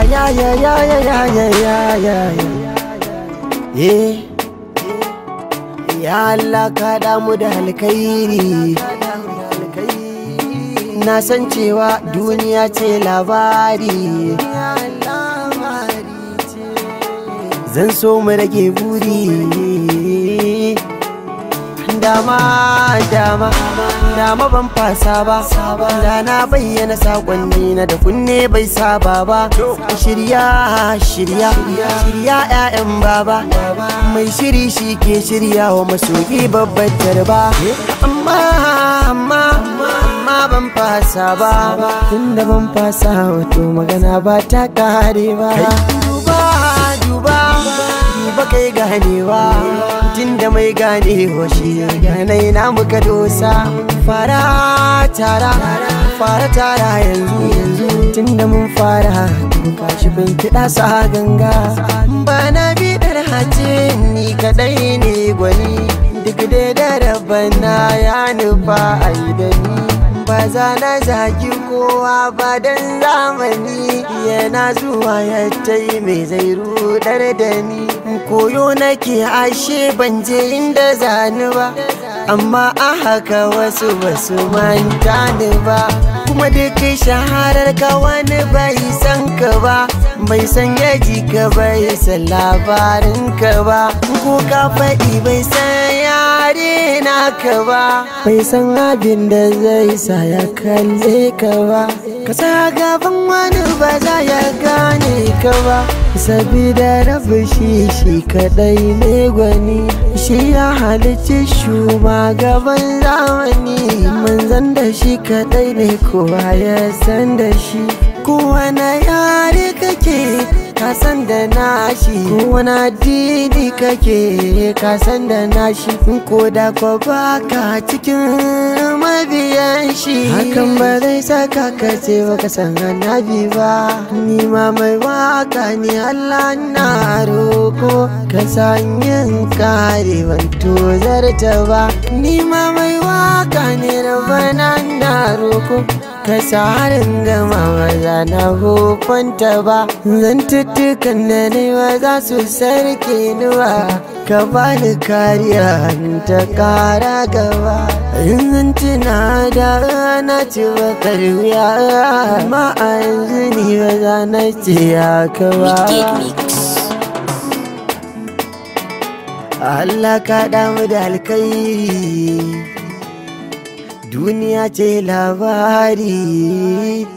ya ya ya ya ya ya ya ya ya ya Allah ka damu da alkairi na san cewa duniya ce labari zan so mu rage buri dama dama dama ban fasa ba da na bayyana sakonni na da kunne bai saba ba shirya shirya shirya ƴaƴan baba mai shiri shi ke shirya wa masoki babbar tarba amma amma amma ban fasa ba tunda ban fasa wato magana ba ta kare ba duba duba duba kai ganewa tun da mai gane hoshi yanayi na muka dosa fara tara fara tara yanzu yanzu tun da mun fara shi bin kiɗa sa ganga ba na biɗar hace ni kaɗai ne gwani duk da rabana ya nufa aidani ba za na zagi kowa ba dan zamani yana zuwa ya tai mai zai rudar da ni koyo nake ashe ban je inda zani ba amma a haka wasu wasu manta ne ba kuma da kai shaharar ka wani bai san ka ba bai san yaji ka bai san labarin ka ba ko ka faɗi bai san yare na ka ba bai san abin da zai sa ya kalle ka ba ka sa gaban wani ba za ya gane ka ba sabida rabu shi shi kaɗai ne gwani shi ya halicci shugaban zamani manzan da shi kadai ne kowa ya san da shi Kowana yare kake kasan da nashi kowane addini kake kasan da nashi ko da ko baka cikin mabiyan shi hakan ba zai saka ka ce baka san annabi ba ni ma mai waka ni Allah na roko ka san yin kare ban tozarta ba ni ma mai waka ne rabana na roko ka gama ba na hukunta ba zantuttukan da ne ba za su sarki ni ba ka bani kariya ta kara gaba in tuna da na ci bakar wuya amma a yanzu ni ba za na ce haka ba Allah ka damu da alkairi duniya ce labari